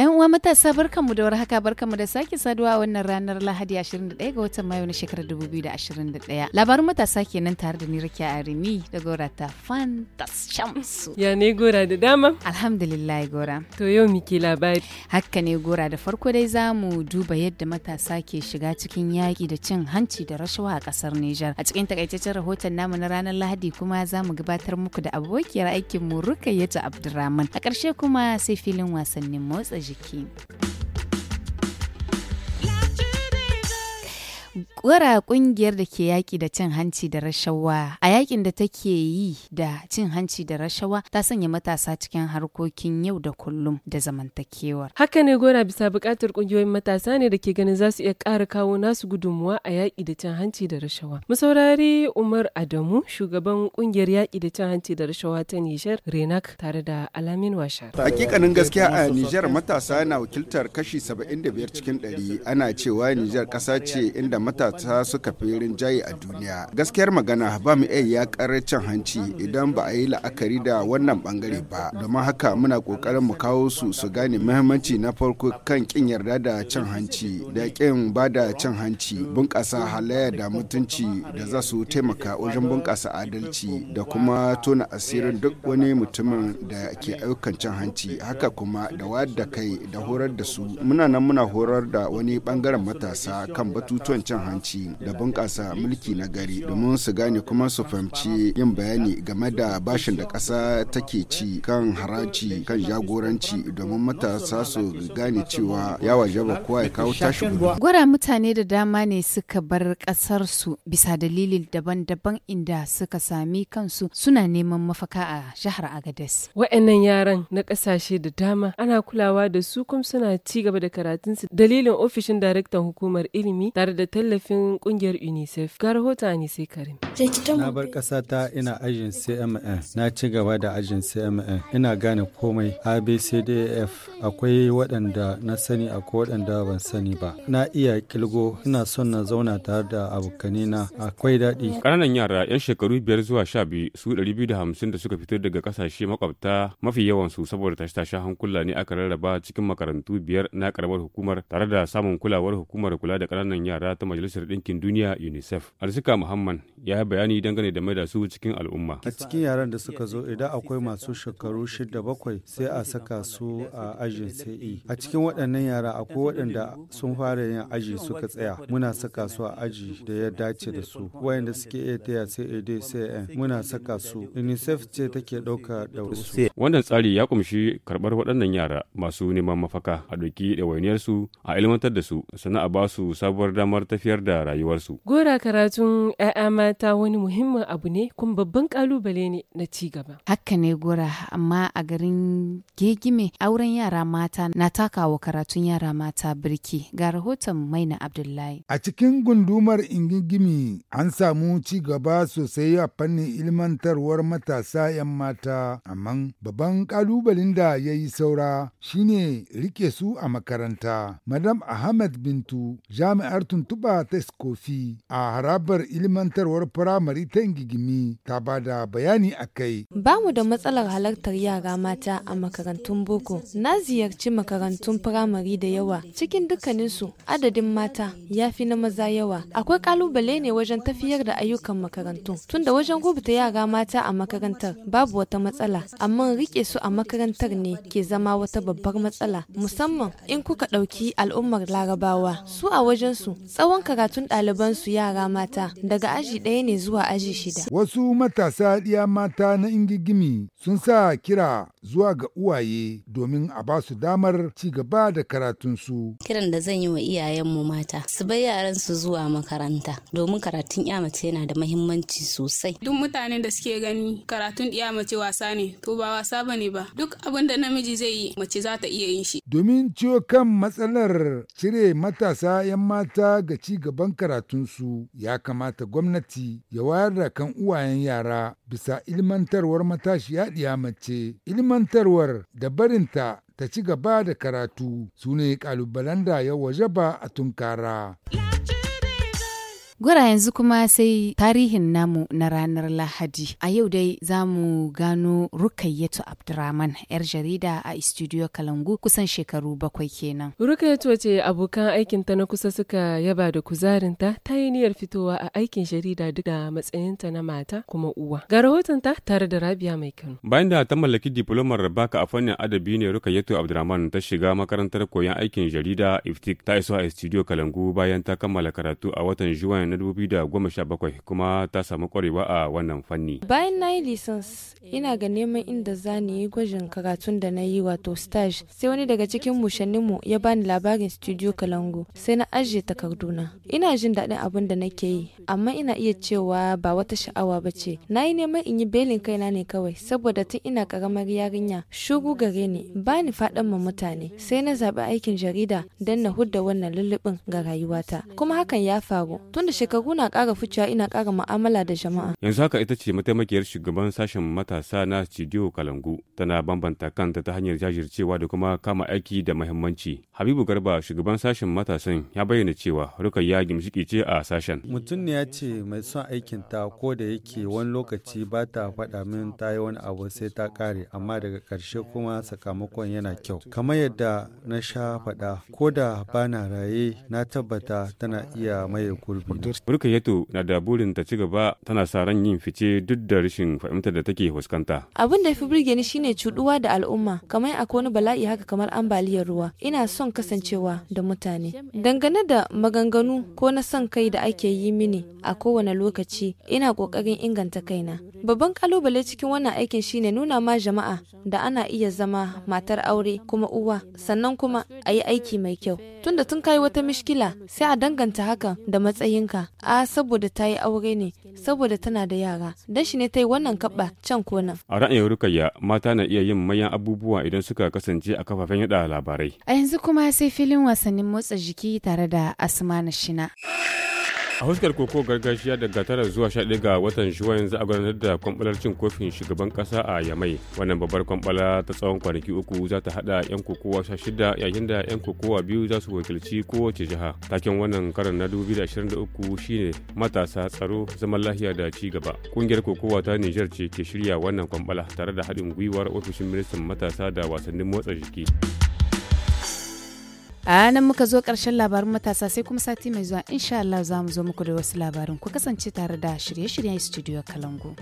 'Yan uwa matasa mu da warhaka barkanmu da sake saduwa wannan ranar Lahadi 21 ga watan Mayu na shekarar 2021. Labarin matasa kenan tare da ni Rakiya Arimi da Gora ta Fantas Shamsu. Ya ne Gora da dama? Alhamdulillah Gora. To yau muke labari. Hakka ne Gora da farko dai za mu duba yadda matasa ke shiga cikin yaƙi da cin hanci da rashawa a ƙasar Nijar. A cikin takaitaccen rahoton namu na ranar Lahadi kuma za mu gabatar muku da abokiyar aikin mu rukayyata abdulrahman. A ƙarshe kuma sai filin wasannin motsa de que kura kungiyar da ke yaki da cin hanci da rashawa a yakin da take yi da cin hanci da rashawa ta sanya matasa cikin harkokin yau da kullum da zamantakewar. Haka ne gora bisa bukatar kungiyoyin matasa ne da ke ganin za su iya ƙara kawo nasu gudunmuwa a yaƙi da cin hanci da rashawa. Mu Umar Adamu shugaban kungiyar yaƙi da cin hanci da rashawa ta Nijar Renak tare da Alamin Washar. Hakikanin gaskiya a Nijar matasa na wakiltar kashi 75 cikin 100 ana cewa Nijar kasa ce inda matasa matasa suka fi jayi a duniya gaskiyar magana ba mu iya yakar cin hanci idan ba a yi la'akari da wannan bangare ba domin haka muna kokarin mu kawo su su gane muhimmanci na farko kan kin yarda da cin hanci da kin ba da cin hanci bunƙasa halayya da mutunci da za su taimaka wajen bunƙasa adalci da kuma tona asirin duk wani mutumin da ke ayyukan cin hanci haka kuma da wayar da kai da horar da su muna nan muna horar da wani bangaren matasa kan batutuwan cin hanci shugabanci da bunƙasa mulki na gari domin su gane kuma su fahimci yin bayani game da bashin da ƙasa take ci kan haraji kan jagoranci domin matasa su gane cewa ya ba kowa ya kawo tashi gwara mutane da dama ne suka bar ƙasar su bisa dalilin daban-daban inda suka sami kansu suna neman mafaka a jihar agades Wa'annan yaran na ƙasashe da dama ana kulawa da su kuma suna ci gaba da karatunsu dalilin ofishin daraktan hukumar ilimi tare da tallafi tallafin kungiyar UNICEF. Ga rahoton Anise Karim. Na bar ƙasa ta ina ajin CMN, na ci gaba da ajin CMN, ina gane komai ABCDF e, akwai waɗanda na sani akwai waɗanda ban sani ba. Na iya kilgo ina son na zauna tare da na akwai daɗi. Ƙananan yara 'yan shekaru biyar zuwa sha biyu su ɗari biyu da hamsin da suka fito daga ƙasashe makwabta mafi yawansu saboda tashe-tashen hankula ne aka rarraba cikin makarantu biyar na ƙaramar hukumar tare da samun kulawar hukumar kula da ƙananan yara ta majalisar majalisar ɗinkin duniya unicef arsika muhammad ya yi bayani dangane da maida su cikin al'umma a cikin yaran da suka zo idan akwai masu shekaru shida bakwai sai a saka su a ajin sai e. a cikin waɗannan yara akwai waɗanda sun fara yin aji suka tsaya muna saka su a aji da ya dace da su wayanda suke iya taya sai ad sai muna saka su unicef ce take ɗauka su. wannan tsari ya kumshi karɓar waɗannan yara masu neman mafaka a ɗauki ɗawainiyarsu a ilmantar da su sannan a ba su sabuwar damar tafiyar da da rayuwarsu. Gora karatun 'ya'ya mata wani muhimmin abu ne kuma babban kalubale ne na cigaba. Haka ne gora amma a garin gegime auren yara mata na takawa karatun yara mata birki ga rahoton Maina Abdullahi. A cikin gundumar ingigimi an samu ci gaba sosai a fannin ilmantarwar matasa 'yan mata amma babban kalubalen da ya yi saura shine rike su a makaranta. Madam Ahmed Bintu jami'ar tuntuba ta Grace Kofi a harabar ilmantarwar firamare ta gigimi ta ba da bayani a kai. Bamu da matsalar halartar yara mata a makarantun boko. Na ziyarci makarantun firamare da yawa cikin dukkaninsu adadin mata ya fi na maza yawa. Akwai kalubale ne wajen tafiyar da ayyukan makarantun. Tunda wajen rubuta yara mata a makarantar babu wata matsala amma rike su a makarantar ne ke zama wata babbar matsala musamman in kuka ɗauki al'ummar larabawa su a wajensu tsawon karatu karatun su yara mata daga aji ɗaya ne zuwa aji shida. Wasu matasa ɗiya mata na ingigimi sun sa kira zuwa ga uwaye domin a ba su damar ci gaba da karatunsu. Kiran da zan yi wa iyayenmu mata su bai yaran su zuwa makaranta domin karatun ya mace yana da mahimmanci sosai. Duk mutanen da suke gani karatun ya mace wasa ne to ba wasa ba ne ba duk abin da namiji zai yi mace za ta iya yin shi. Domin ciwo kan matsalar cire matasa 'yan mata ga ci gaban karatunsu ya kamata gwamnati ya wayar da kan uwayen yara bisa ilmantarwar matashiya ɗiya mace. Ilman ilmantarwar da barinta ta ci gaba da karatu su ne kalubalen da ya waje ba a tunkara. Gwara yanzu kuma sai tarihin namu na ranar Lahadi. A yau dai za mu gano Rukayyatu Abdurrahman, 'yar jarida a Studio Kalangu kusan shekaru bakwai kenan. Rukayyatu ce abokan aikinta na kusa suka yaba da kuzarinta ta yi niyyar fitowa a aikin jarida duk da matsayinta na mata kuma uwa. Ga rahotonta tare da Rabia Mai Kano. Bayan da ta mallaki diplomar baka a fannin adabi ne Rukayyatu Abdurrahman ta shiga makarantar koyon aikin jarida Iftik ta iso a Studio Kalangu bayan ta kammala karatu a watan Juwan na 2017 kuma ta samu kwarewa a wannan fanni. Bayan na yi lisans ina ga neman inda za ni yi gwajin karatun da na yi wato stage sai wani daga cikin mu ya bani labarin studio Kalango sai na ajiye takarduna. Ina jin daɗin abin da nake yi amma ina iya cewa ba wata sha'awa ba ce. Na yi neman in yi belin kaina ne kawai saboda tun ina karamar yarinya shugu gare ni ba ni faɗan ma mutane sai na zaɓi aikin jarida don na hudda wannan lullubin ga rayuwata kuma hakan ya faru tun da shekaru na ƙara fuciya ina kara mu'amala da jama'a. Yanzu haka ita ce mataimakiyar shugaban sashen matasa na Cidiyo Kalangu tana bambanta kanta ta hanyar jajircewa da kuma kama aiki da mahimmanci Habibu Garba shugaban sashen matasan ya bayyana cewa ya gimshiki ce a sashen. Mutum ne ya ce mai son aikin ta ko da yake wani lokaci ba ta faɗa min ta yi wani abu sai ta kare amma daga ƙarshe kuma sakamakon yana kyau. Kamar yadda na sha faɗa ko da ba na raye na tabbata tana iya maye gurbi. Rukayatu na da burin ta ci gaba tana sa ran yin fice duk da rashin fahimtar da take fuskanta. Abin da fi burge ni shine cuɗuwa da al'umma, kamar akwai wani bala'i haka kamar ambaliyar ruwa. Ina son kasancewa da mutane. Dangane da maganganu ko na son kai da ake yi mini a kowane lokaci, ina kokarin inganta kaina. Babban kalubale cikin wannan aikin shine nuna ma jama'a da ana iya zama matar aure kuma uwa, sannan kuma a yi aiki mai kyau. Tunda tun kai wata mishkila sai a danganta hakan da matsayinka. yasa a saboda ta yi aure ne saboda tana da yara dan shi ne ta yi wannan kaɓa can konan. a ra'ayin rukayya mata na iya yin manyan abubuwa idan suka kasance a kafafen yada labarai a yanzu kuma sai filin wasannin motsa jiki tare da asma na shina A huskar koko gargajiya daga tara zuwa sha ga watan shuwa yanzu a gudanar da kwambalar cin kofin shugaban kasa a Yamai. Wannan babbar kwambala ta tsawon kwanaki uku za ta haɗa 'yan kokowa sha shida yayin da 'yan kokowa biyu za su wakilci kowace jiha. Taken wannan karan na 2023 shine matasa tsaro zaman lahiya da ci gaba. Kungiyar kokowa ta Nijar ce ke shirya wannan kwambala tare da haɗin gwiwar ofishin ministan matasa da wasannin motsa jiki. a nan muka zo ƙarshen labarin matasa sai kuma sati mai zuwa insha Allah za mu zo muku da wasu labarin ku kasance tare da shirye-shiryen studio kalangu.